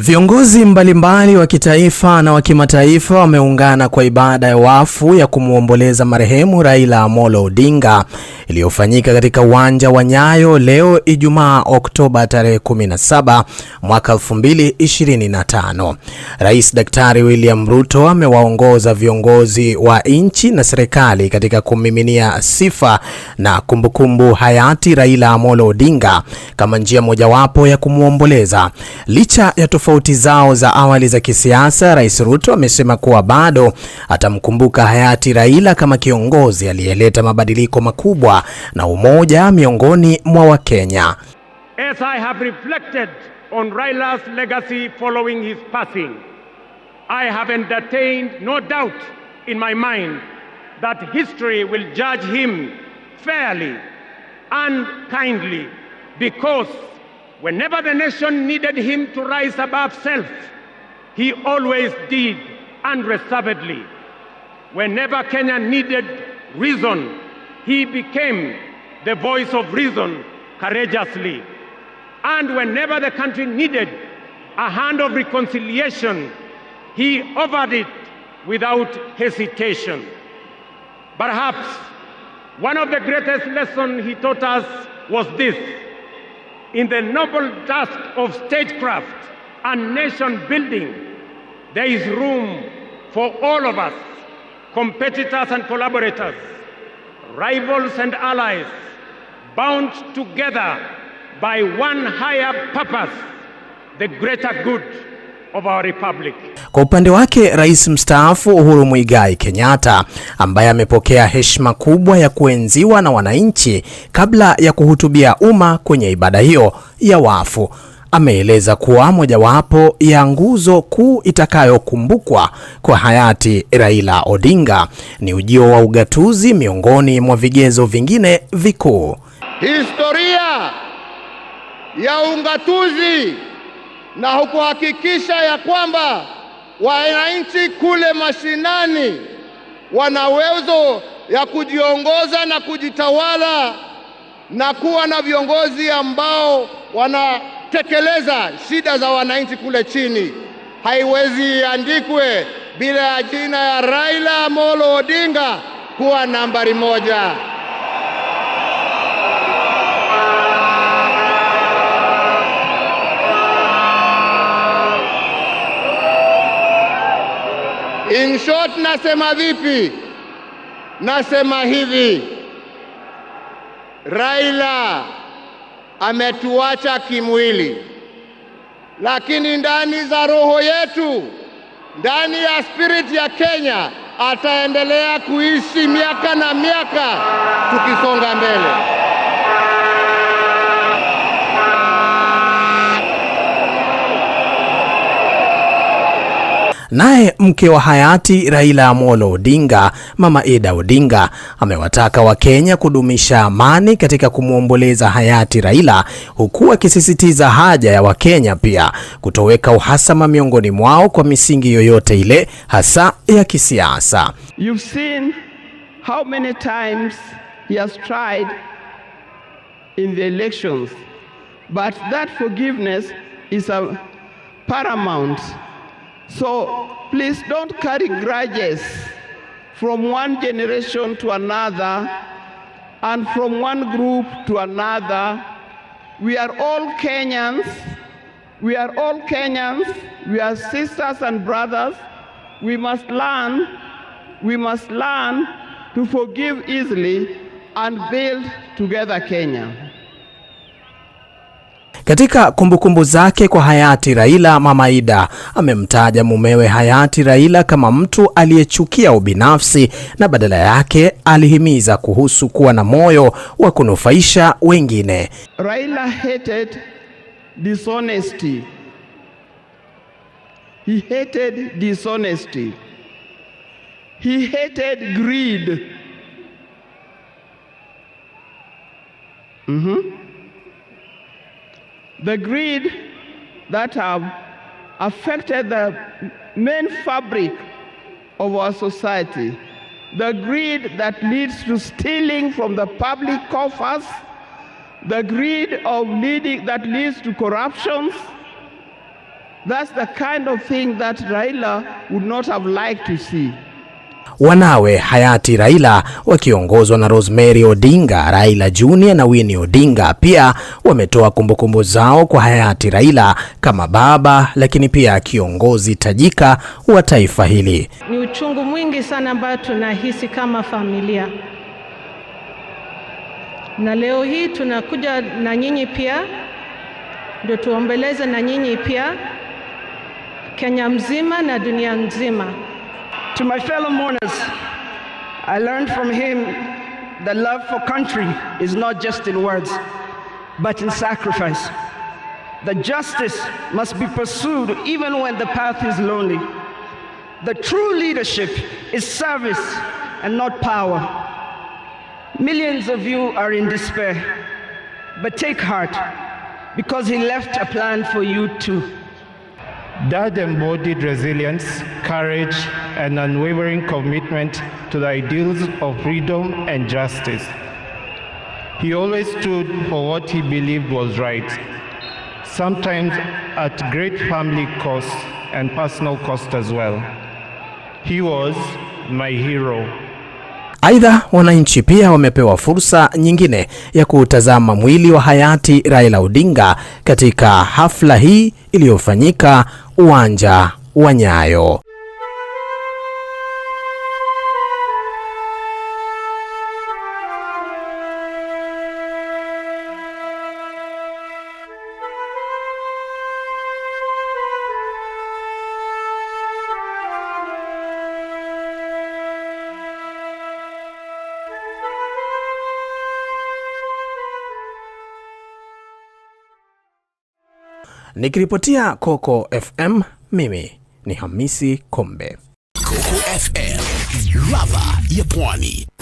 Viongozi mbalimbali wa kitaifa na wa kimataifa wameungana kwa ibada ya wafu ya kumwomboleza marehemu Raila Amolo Odinga iliyofanyika katika uwanja wa Nyayo leo Ijumaa Oktoba tarehe 17 mwaka 2025. Rais Daktari William Ruto amewaongoza viongozi wa nchi na serikali katika kumiminia sifa na kumbukumbu kumbu hayati Raila Amolo Odinga kama njia mojawapo ya kumwomboleza licha ya tofauti zao za awali za kisiasa, Rais Ruto amesema kuwa bado atamkumbuka hayati Raila kama kiongozi aliyeleta mabadiliko makubwa na umoja miongoni mwa Wakenya. As I have reflected on Raila's legacy following his passing, I have entertained no doubt in my mind that history will judge him fairly and kindly because Whenever the nation needed him to rise above self, he always did unreservedly. Whenever Kenya needed reason, he became the voice of reason courageously. And whenever the country needed a hand of reconciliation, he offered it without hesitation. Perhaps one of the greatest lessons he taught us was this in the noble task of statecraft and nation building, there is room for all of us, competitors and collaborators, rivals and allies, bound together by one higher purpose, the greater good. Of our republic. Kwa upande wake Rais mstaafu Uhuru Muigai Kenyatta ambaye amepokea heshima kubwa ya kuenziwa na wananchi kabla ya kuhutubia umma kwenye ibada hiyo ya wafu ameeleza kuwa mojawapo ya nguzo kuu itakayokumbukwa kwa hayati Raila Odinga ni ujio wa ugatuzi miongoni mwa vigezo vingine vikuu. Historia ya ugatuzi na hukuhakikisha ya kwamba wananchi kule mashinani wana uwezo ya kujiongoza na kujitawala na kuwa na viongozi ambao wanatekeleza shida za wananchi kule chini. Haiwezi iandikwe bila ya jina ya Raila Amolo Odinga kuwa nambari moja. short, nasema vipi? Nasema hivi, Raila ametuacha kimwili, lakini ndani za roho yetu, ndani ya spirit ya Kenya ataendelea kuishi miaka na miaka tukisonga mbele. Naye mke wa hayati Raila Amolo Odinga, Mama Ida Odinga, amewataka Wakenya kudumisha amani katika kumwomboleza hayati Raila, huku akisisitiza haja ya Wakenya pia kutoweka uhasama miongoni mwao kwa misingi yoyote ile, hasa ya kisiasa. You've seen how many times he has tried in the elections but that forgiveness is a paramount So please don't carry grudges from one generation to another and from one group to another. We are all Kenyans. We are all Kenyans. We are sisters and brothers. We must learn, we must learn to forgive easily and build together Kenya. Katika kumbukumbu zake kwa hayati Raila, Mama amemtaja mumewe hayati Raila kama mtu aliyechukia ubinafsi na badala yake alihimiza kuhusu kuwa na moyo wa kunufaisha wengine. Raila hated dishonesty. He hated dishonesty. He hated greed. Mm-hmm. the greed that have affected the main fabric of our society, the greed that leads to stealing from the public coffers, the greed of leading, that leads to corruptions. That's the kind of thing that Raila would not have liked to see. wanawe hayati Raila wakiongozwa na Rosemary Odinga, Raila Junior na Winnie Odinga pia wametoa kumbukumbu zao kwa hayati Raila kama baba, lakini pia kiongozi tajika wa taifa hili. Ni uchungu mwingi sana ambao tunahisi kama familia, na leo hii tunakuja na nyinyi pia ndio tuombeleze na nyinyi pia Kenya mzima na dunia nzima. To my fellow mourners, I learned from him that love for country is not just in words, but in sacrifice. That justice must be pursued even when the path is lonely. The true leadership is service and not power. Millions of you are in despair, but take heart because he left a plan for you too. that embodied resilience, courage, and unwavering commitment to the ideals of freedom and justice. He always stood for what he believed was right, sometimes at great family cost and personal cost as well. He was my hero. Aidha, wananchi pia wamepewa fursa nyingine ya kutazama mwili wa hayati Raila Odinga katika hafla hii iliyofanyika uwanja wa Nyayo. Nikiripotia Coco FM, mimi ni Hamisi Kombe, Coco FM, ladha ya Pwani.